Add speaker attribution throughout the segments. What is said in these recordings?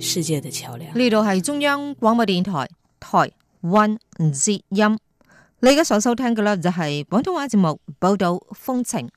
Speaker 1: 世界的橋梁，呢度係中央廣播電台台灣之音。你而家所收聽嘅呢，就係廣東話節目報道風情。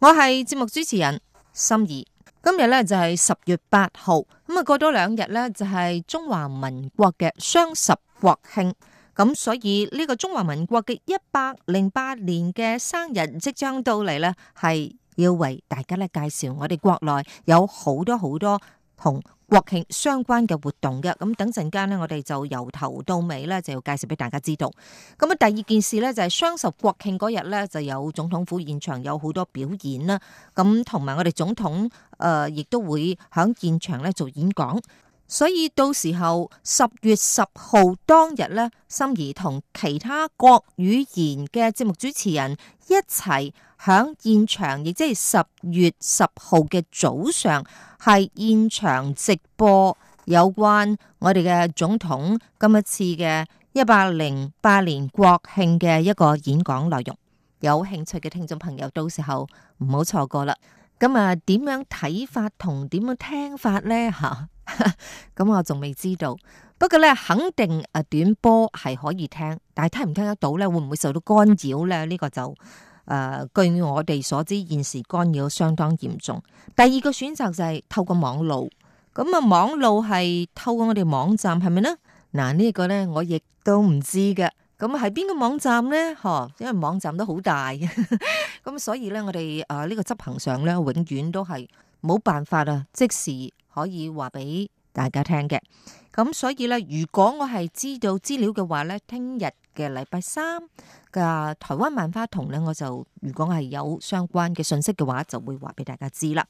Speaker 1: 我係節目主持人心儀。今日呢，就係、是、十月八號，咁啊過多兩日呢，就係、是、中華民國嘅雙十國慶。咁所以呢個中華民國嘅一百零八年嘅生日即將到嚟呢，係要為大家咧介紹我哋國內有好多好多同。國慶相關嘅活動嘅，咁等陣間呢，我哋就由頭到尾咧，就要介紹俾大家知道。咁啊，第二件事呢，就係、是、雙十國慶嗰日呢，就有總統府現場有好多表演啦，咁同埋我哋總統誒，亦、呃、都會喺現場咧做演講。所以到時候十月十號當日呢，心儀同其他國語言嘅節目主持人一齊。響現場，亦即係十月十號嘅早上，係現場直播有關我哋嘅總統今一次嘅一百零八年國慶嘅一個演講內容。有興趣嘅聽眾朋友，到時候唔好錯過啦。咁啊，點樣睇法同點樣聽法咧？吓 咁、嗯，我仲未知道。不過咧，肯定啊，短波係可以聽，但係聽唔聽得到咧，會唔會受到干擾咧？呢、這個就。誒、呃，據我哋所知，現時干擾相當嚴重。第二個選擇就係透過網路，咁、嗯、啊，網路係透過我哋網站係咪呢？嗱，這個、呢個咧我亦都唔知嘅。咁係邊個網站咧？嗬，因為網站都好大，咁、 嗯、所以咧我哋誒呢個執行上咧，永遠都係冇辦法啊，即時可以話俾大家聽嘅。咁、嗯、所以咧，如果我係知道資料嘅話咧，聽日。嘅禮拜三嘅台灣萬花筒咧，我就如果係有相關嘅信息嘅話，就會話俾大家知啦。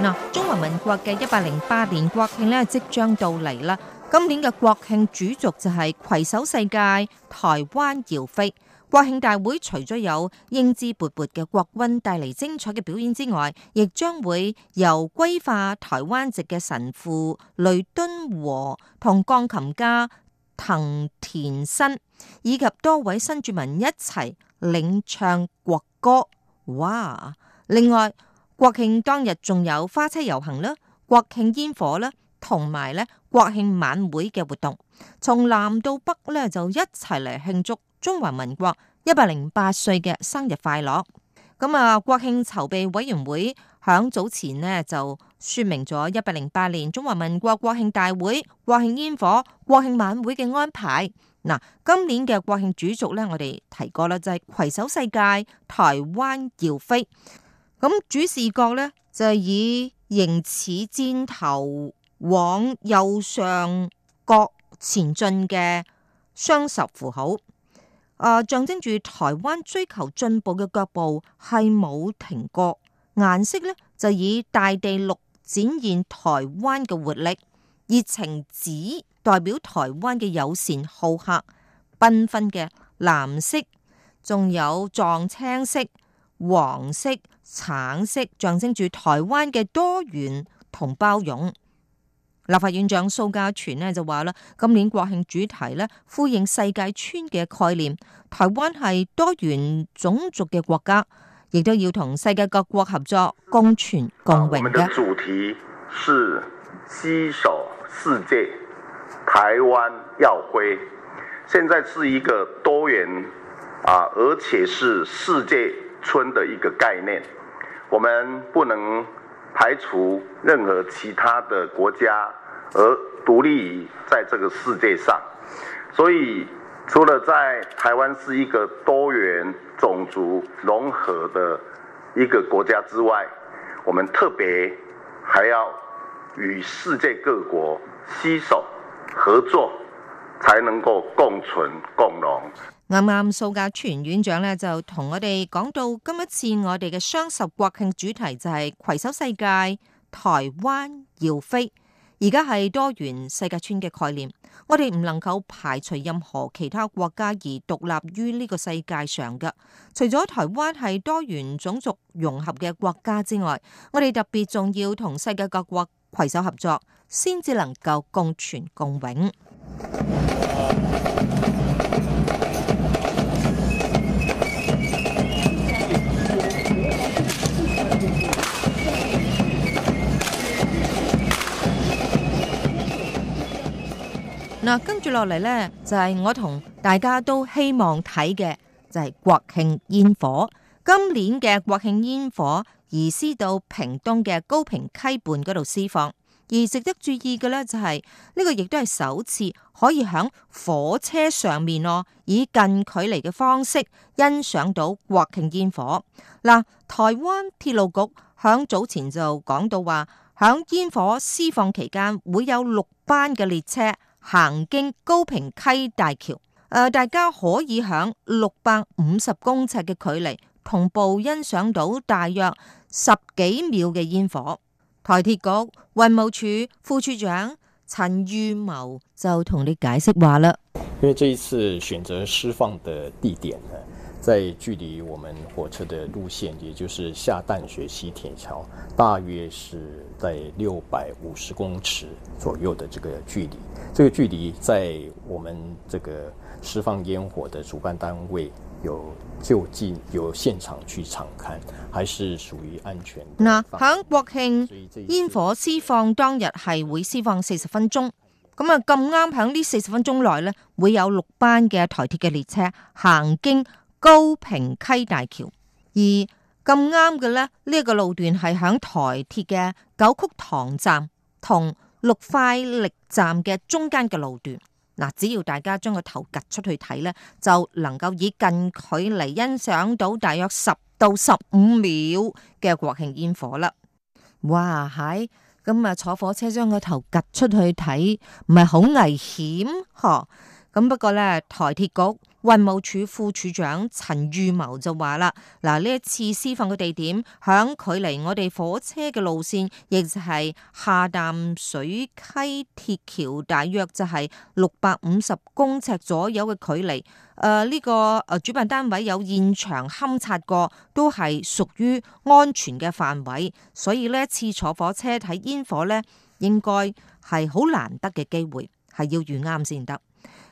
Speaker 1: 嗱，中華民國嘅一百零八年國慶咧，即將到嚟啦。今年嘅國慶主軸就係攜手世界，台灣耀飛。國慶大會除咗有英姿勃勃嘅國軍帶嚟精彩嘅表演之外，亦將會由歸化台灣籍嘅神父雷敦和同鋼琴家藤田新以及多位新住民一齊領唱國歌。哇！另外國慶當日仲有花車遊行啦、國慶煙火啦，同埋咧國慶晚會嘅活動，從南到北咧就一齊嚟慶祝。中華民國一百零八歲嘅生日快樂！咁啊，國慶籌備委員會響早前呢，就說明咗一百零八年中華民國國慶大會、國慶煙火、國慶晚會嘅安排。嗱，今年嘅國慶主軸咧，我哋提過啦，就係攜手世界，台灣耀飛。咁主視角咧，就係以形似箭頭往右上角前進嘅雙十符號。呃，象徵住台灣追求進步嘅腳步係冇停過。顏色咧就以大地綠展現台灣嘅活力，熱情紫代表台灣嘅友善好客，繽紛嘅藍色，仲有藏青色、黃色、橙色，象徵住台灣嘅多元同包容。立法院長蘇嘉全呢就話啦，今年國慶主題呢，呼應世界村嘅概念，台灣係多元種族嘅國家，亦都要同世界各國合作共存共榮嘅。榮我們的主題是携手 世界，台灣要輝。現在是一個多元啊，而且是世界村的一個概念，我們不能。排除任何其他的國家而獨立於在這個世界上，所以除了在台灣是一個多元種族融合的一個國家之外，我們特別還要與世界各國攜手合作。才能夠共存共榮。啱啱蘇格全院長咧就同我哋講到，今一次我哋嘅雙十國慶主題就係、是、携手世界，台灣耀飛。而家係多元世界村嘅概念，我哋唔能夠排除任何其他國家而獨立於呢個世界上嘅。除咗台灣係多元種族融合嘅國家之外，我哋特別仲要同世界各國携手合作，先至能夠共存共榮。嗱，跟住落嚟呢，就係我同大家都希望睇嘅，就係國慶煙火。今年嘅國慶煙火移師到屏東嘅高屏溪畔嗰度施放。而值得注意嘅咧、就是，就係呢個亦都係首次可以喺火車上面哦，以近距離嘅方式欣賞到國慶煙火。嗱，台灣鐵路局響早前就講到話，響煙火施放期間會有六班嘅列車行經高屏溪大橋，誒、呃，大家可以喺六百五十公尺嘅距離同步欣賞到大約十幾秒嘅煙火。台鐵局運務處副處長陳裕謀就同你解釋話啦，因為這一次選擇釋放的地點呢，在距離我們火車的路線，也就是下淡水溪鐵橋，大約是在六百五十公尺左右的這個距離。這個距離在我們這個釋放煙火的主辦單位。有就近有現場去查看，還是屬於安全。嗱，響國慶煙火施放當日係會施放四十分鐘，咁啊咁啱響呢四十分鐘內呢，會有六班嘅台鐵嘅列車行經高屏溪大橋，而咁啱嘅呢，呢、這、呢個路段係響台鐵嘅九曲堂站同六塊力站嘅中間嘅路段。嗱，只要大家將個頭夾出去睇咧，就能夠以近距離欣賞到大約十到十五秒嘅國慶煙火啦。哇係！咁啊，坐火車將個頭夾出去睇，唔係好危險呵？咁不過咧，台鐵局。運務處副處長陳裕謀就話啦，嗱，呢一次施放嘅地點，響距離我哋火車嘅路線，亦就係下淡水溪鐵橋，大約就係六百五十公尺左右嘅距離。誒、呃、呢、這個誒主辦單位有現場勘察過，都係屬於安全嘅範圍。所以呢一次坐火車睇煙火咧，應該係好難得嘅機會，係要遇啱先得。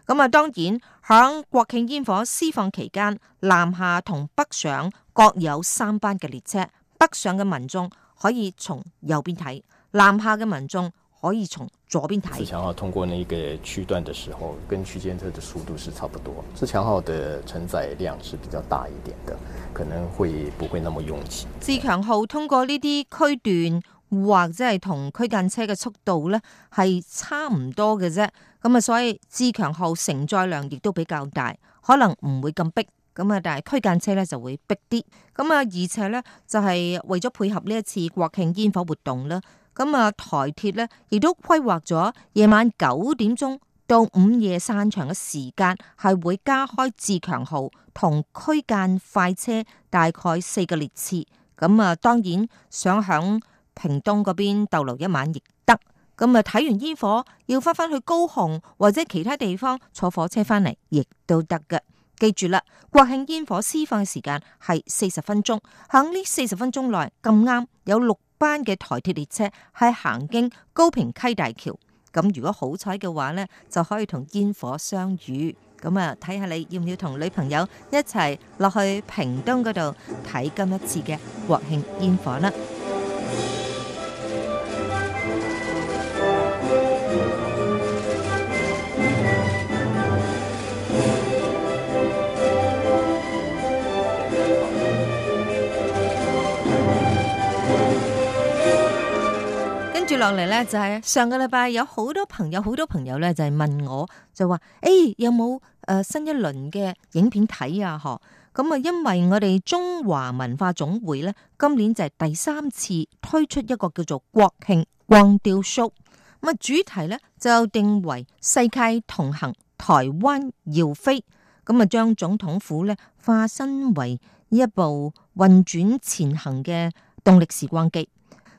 Speaker 1: 咁啊，當然響國慶煙火施放期間，南下同北上各有三班嘅列車。北上嘅民眾可以從右邊睇，南下嘅民眾可以從左邊睇。自強號通過呢一個區段嘅時候，跟區間車嘅速度是差不多。自強號嘅承載量是比較大一點嘅，可能會不會那麼擁擠。自強號通過呢啲區段。或者係同區間車嘅速度咧，係差唔多嘅啫。咁啊，所以自強號承載量亦都比較大，可能唔會咁逼咁啊。但係區間車咧就會逼啲咁啊。而且咧就係為咗配合呢一次國慶煙火活動啦，咁啊，台鐵咧亦都規劃咗夜晚九點鐘到午夜散場嘅時間係會加開自強號同區間快車，大概四個列次。咁啊，當然想響屏東嗰邊逗留一晚亦得，咁啊睇完煙火要翻翻去高雄或者其他地方坐火車翻嚟，亦都得噶。記住啦，國慶煙火施放嘅時間係四十分鐘，喺呢四十分鐘內咁啱有六班嘅台鐵列車係行經高屏溪大橋，咁如果好彩嘅話呢，就可以同煙火相遇。咁啊，睇下你要唔要同女朋友一齊落去屏東嗰度睇今一次嘅國慶煙火啦。落嚟咧就係、是、上個禮拜有好多朋友好多朋友咧就係、是、問我就話誒、欸、有冇誒、呃、新一輪嘅影片睇啊嗬咁啊因為我哋中華文化總會咧今年就係第三次推出一個叫做國慶光雕 show 咁啊主題咧就定為世界同行台灣耀飛咁啊將總統府咧化身為一部運轉前行嘅動力時光機。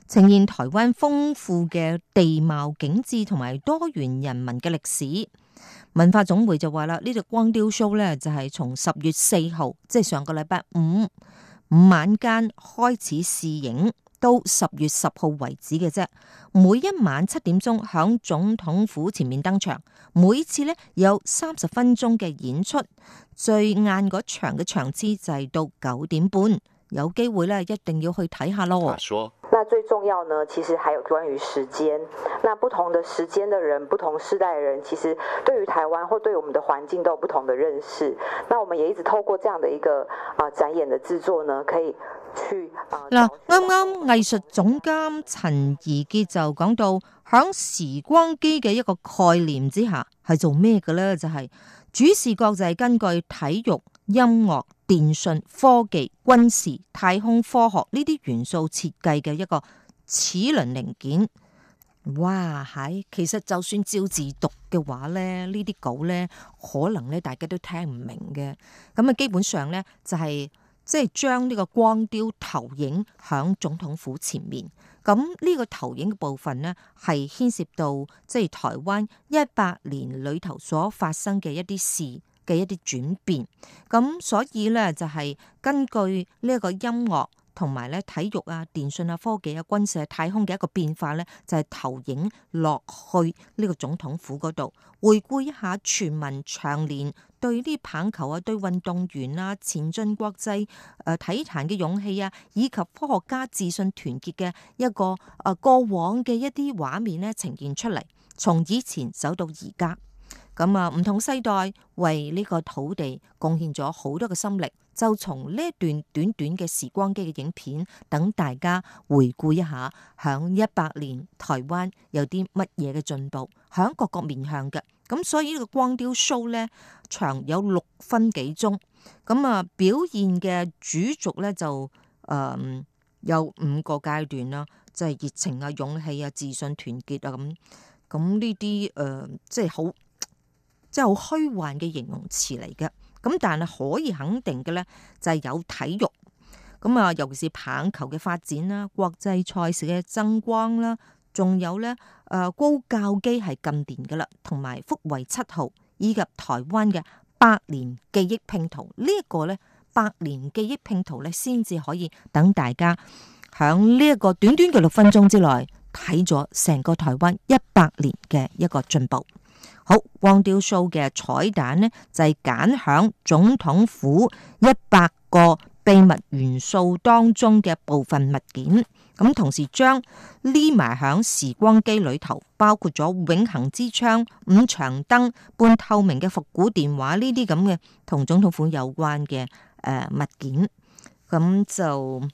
Speaker 1: 呈現台灣豐富嘅地貌景緻同埋多元人民嘅歷史。文化總會就話啦，呢隻光雕 show 咧就係從十月四號，即係上個禮拜五五晚間開始試影，到十月十號為止嘅啫。每一晚七點鐘響總統府前面登場，每次呢有三十分鐘嘅演出，最晏嗰場嘅場次就係到九點半，有機會咧一定要去睇下咯。最重要呢，其實還有關於時間。那不同的時間的人，不同世代的人，其實對於台灣或對我們的環境都有不同的認識。那我們也一直透過這樣的一個啊、呃、展演的製作呢，可以去嗱。啱、呃、啱藝術總監陳怡潔就講到，響時光機嘅一個概念之下，係做咩嘅咧？就係、是、主視角就係根據體育、音樂。電信、科技、軍事、太空科學呢啲元素設計嘅一個齒輪零件，哇！喺其實就算照字讀嘅話咧，呢啲稿咧可能咧大家都聽唔明嘅。咁啊，基本上咧就係即係將呢個光雕投影響總統府前面。咁呢個投影嘅部分咧係牽涉到即係台灣一百年裏頭所發生嘅一啲事。嘅一啲轉變，咁所以咧就係根據呢一個音樂同埋咧體育啊、電訊啊、科技啊、軍事啊、太空嘅一個變化咧，就係投影落去呢個總統府嗰度，回顧一下全民長年對呢棒球啊、對運動員啊、前進國際誒體壇嘅勇氣啊，以及科學家自信團結嘅一個誒過往嘅一啲畫面咧呈現出嚟，從以前走到而家。咁啊，唔同世代為呢個土地貢獻咗好多嘅心力。就從呢一段短短嘅時光機嘅影片，等大家回顧一下，響一百年台灣有啲乜嘢嘅進步，響各個面向嘅。咁所以呢個光雕 show 咧，長有六分幾鐘。咁啊，表現嘅主軸咧就誒、呃、有五個階段啦，即係熱情啊、勇氣啊、自信、團結啊咁。咁呢啲誒，即係好。即係好虛幻嘅形容詞嚟嘅，咁但係可以肯定嘅咧，就係有體育，咁啊，尤其是棒球嘅發展啦，國際賽事嘅爭光啦，仲有咧誒高教機係近年噶啦，同埋福衛七號以及台灣嘅百年記憶拼圖呢一個咧，百年記憶拼圖咧先至可以等大家響呢一個短短嘅六分鐘之內睇咗成個台灣一百年嘅一個進步。好光雕秀嘅彩蛋咧，就係揀響總統府一百個秘密元素當中嘅部分物件，咁同時將匿埋響時光機裏頭，包括咗永衡之窗、五長燈、半透明嘅復古電話呢啲咁嘅同總統府有關嘅誒、呃、物件，咁就。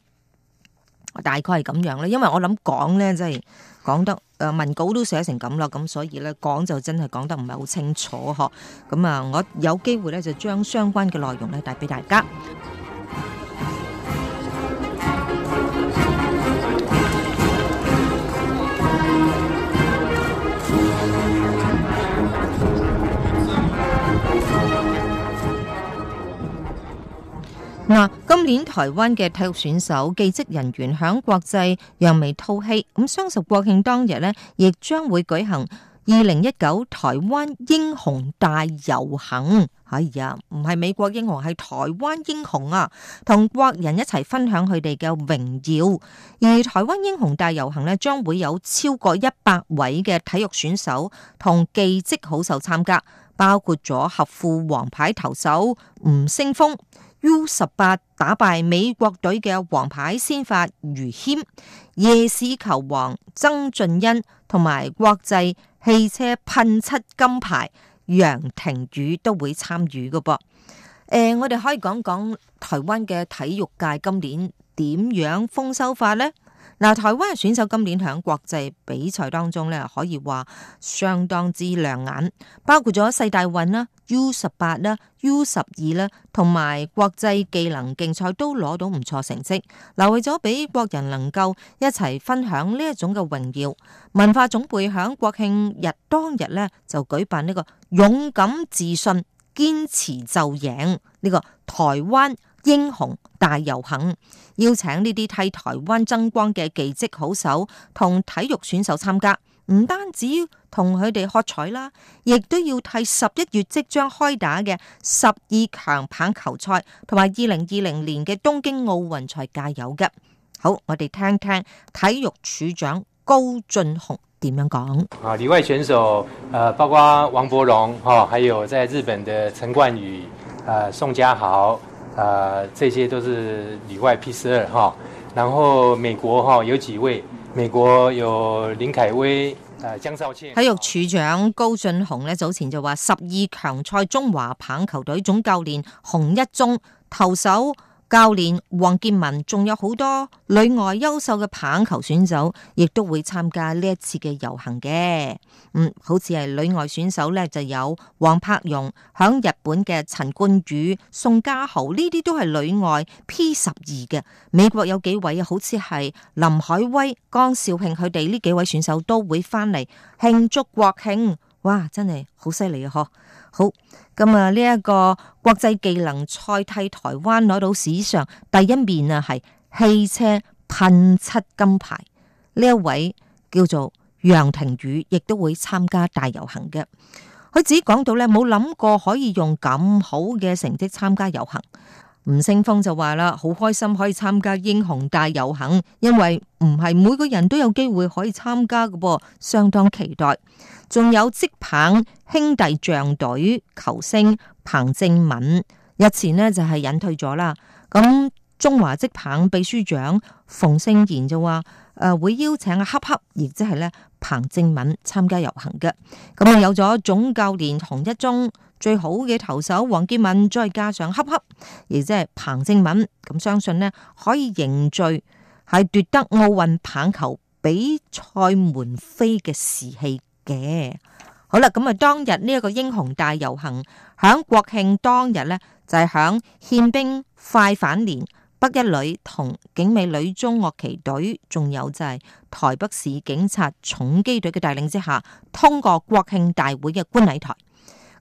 Speaker 1: 大概係咁樣咧，因為我諗講咧，即係講得誒，文稿都寫成咁啦，咁所以咧講就真係講得唔係好清楚嗬。咁啊，我有機會咧就將相關嘅內容咧帶俾大家。嗱。今年台灣嘅體育選手、技職人員響國際揚眉吐氣，咁雙十國慶當日呢，亦將會舉行二零一九台灣英雄大遊行。哎呀，唔係美國英雄，係台灣英雄啊！同國人一齊分享佢哋嘅榮耀。而台灣英雄大遊行呢，將會有超過一百位嘅體育選手同技職好手參加，包括咗合富王牌投手吳星峰。U 十八打敗美國隊嘅王牌先發余謙，夜市球王曾俊欣同埋國際汽車噴漆金牌楊庭宇都會參與嘅噃。誒，我哋可以講講台灣嘅體育界今年點樣豐收法呢？嗱，台灣選手今年喺國際比賽當中咧，可以話相當之亮眼，包括咗世大運啦、U 十八啦、U 十二啦，同埋國際技能競賽都攞到唔錯成績。嗱，為咗俾國人能夠一齊分享呢一種嘅榮耀，文化總會喺國慶日當日咧就舉辦呢、呢個勇敢自信、堅持就贏呢、呢個台灣英雄大遊行，邀請呢啲替台灣爭光嘅技職好手同體育選手參加，唔單止要同佢哋喝彩啦，亦都要替十一月即將開打嘅十二強棒球賽同埋二零二零年嘅東京奧運賽加油嘅。好，我哋聽聽體育處長高俊雄點樣講。啊，裏外選手，包括王柏融，吓，還有在日本嘅陳冠宇，宋家豪。啊，這些都是裏外 P 十二哈，然後美國哈有幾位，美國有林凱威，啊江少慶。體育署長高俊雄咧早前就話，十二強賽中華棒球隊總教練洪一中投手。教練黃建文，仲有好多旅外優秀嘅棒球選手，亦都會參加呢一次嘅遊行嘅。嗯，好似係旅外選手咧，就有王柏融響日本嘅陳冠宇、宋家豪呢啲都係旅外 P 十二嘅。美國有幾位好似係林海威、江少慶，佢哋呢幾位選手都會翻嚟慶祝國慶。哇，真係好犀利啊！嗬，好咁啊！呢一個國際技能賽替台灣攞到史上第一面啊，係汽車噴漆金牌。呢一位叫做楊庭宇，亦都會參加大遊行嘅。佢自己講到咧，冇諗過可以用咁好嘅成績參加遊行。吳星峰就話啦，好開心可以參加英雄大遊行，因為唔係每個人都有機會可以參加噶噃，相當期待。仲有職棒兄弟象隊球星彭正敏日前呢就係引退咗啦。咁中華職棒秘書長馮星賢就話，誒，會邀請阿恰恰，亦即係咧彭正敏參加遊行嘅。咁啊有咗總教練洪一中。最好嘅投手王建民，再加上恰恰，亦即係彭政閔，咁相信咧可以凝聚，係奪得奧運棒球比賽門飛嘅士氣嘅。好啦，咁啊，當日呢一個英雄大遊行，響國慶當日咧，就係響憲兵快反連北一旅同景美女中樂旗隊，仲有就係台北市警察重機隊嘅帶領之下，通過國慶大會嘅觀禮台。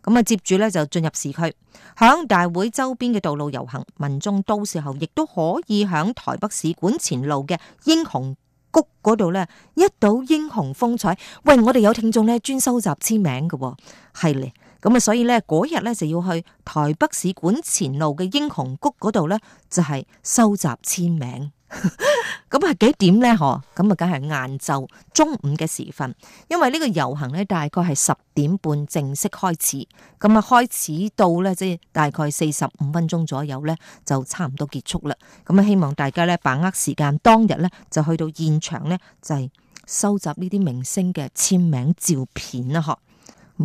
Speaker 1: 咁啊，接住咧就進入市區，響大會周邊嘅道路遊行，民眾到時候亦都可以響台北市館前路嘅英雄谷嗰度咧，一睹英雄風采。喂，我哋有聽眾咧專收集簽名嘅，係咧。咁啊，所以咧嗰日咧就要去台北市館前路嘅英雄谷嗰度咧，就係收集簽名。咁係幾點呢？嗬，咁啊，梗係晏晝中午嘅時分，因為呢個遊行呢，大概係十點半正式開始，咁啊開始到呢，即係大概四十五分鐘左右呢，就差唔多結束啦。咁啊，希望大家呢把握時間，當日呢就去到現場呢，就係收集呢啲明星嘅簽名照片啦，嗬。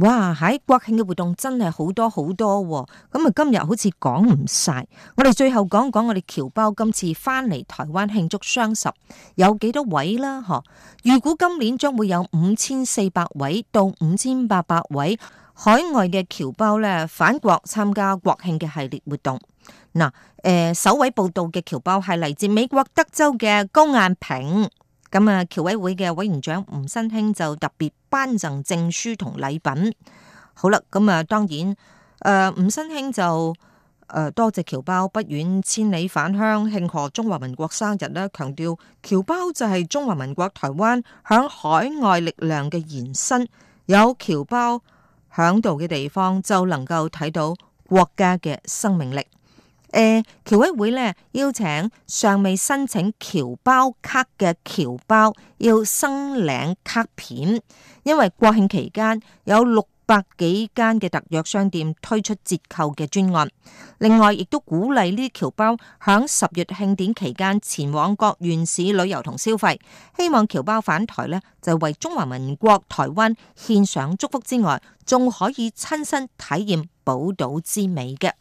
Speaker 1: 哇！喺、哎、國慶嘅活動真係、啊、好多好多，咁啊今日好似講唔晒。我哋最後講講我哋僑胞今次翻嚟台灣慶祝雙十有幾多位啦、啊？嗬！預估今年將會有五千四百位到五千八百位海外嘅僑胞咧返國參加國慶嘅系列活動。嗱，誒、呃，首位報道嘅僑胞係嚟自美國德州嘅高雁平。咁啊，僑委會嘅委員長吳新興就特別頒贈證書同禮品。好啦，咁、嗯、啊，當然，誒、呃，吳新興就誒、呃、多謝僑胞不遠千里返鄉慶賀中華民國生日啦，強調僑胞就係中華民國台灣響海外力量嘅延伸，有僑胞響度嘅地方就能夠睇到國家嘅生命力。誒，僑委會咧邀請尚未申請僑胞卡嘅僑胞，要申領卡片。因為國慶期間有六百幾間嘅特約商店推出折扣嘅專案，另外亦都鼓勵呢啲僑胞響十月慶典期間前往各縣市旅遊同消費。希望僑胞返台咧，就為中華民國台灣獻上祝福之外，仲可以親身體驗寶島之美嘅。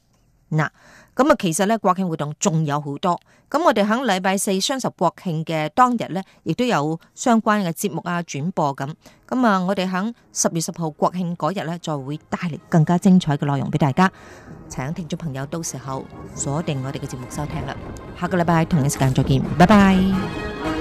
Speaker 1: 嗱，咁啊，其實咧國慶活動仲有好多，咁我哋喺禮拜四雙十國慶嘅當日咧，亦都有相關嘅節目啊轉播咁，咁啊，我哋喺十月十號國慶嗰日咧，再會帶嚟更加精彩嘅內容俾大家，請聽眾朋友到時候鎖定我哋嘅節目收聽啦，下個禮拜同一時間再見，拜拜。